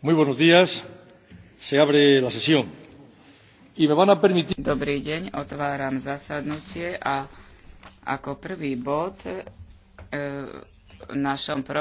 Muy buenos días. Se abre la sesión. Y me van a permitir... Dobrý deň, otváram zasadnutie a ako prvý bod e, v našom programu